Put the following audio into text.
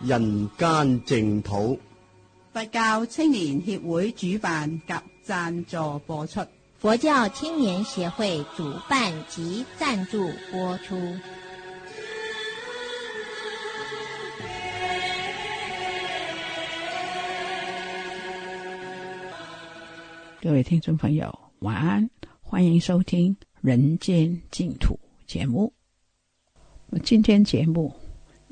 人間淨土，佛教青年協會主辦及贊助播出。佛教青年協會主辦及贊助播出。各位聽眾朋友，晚安，歡迎收聽人間淨土節目。今天節目。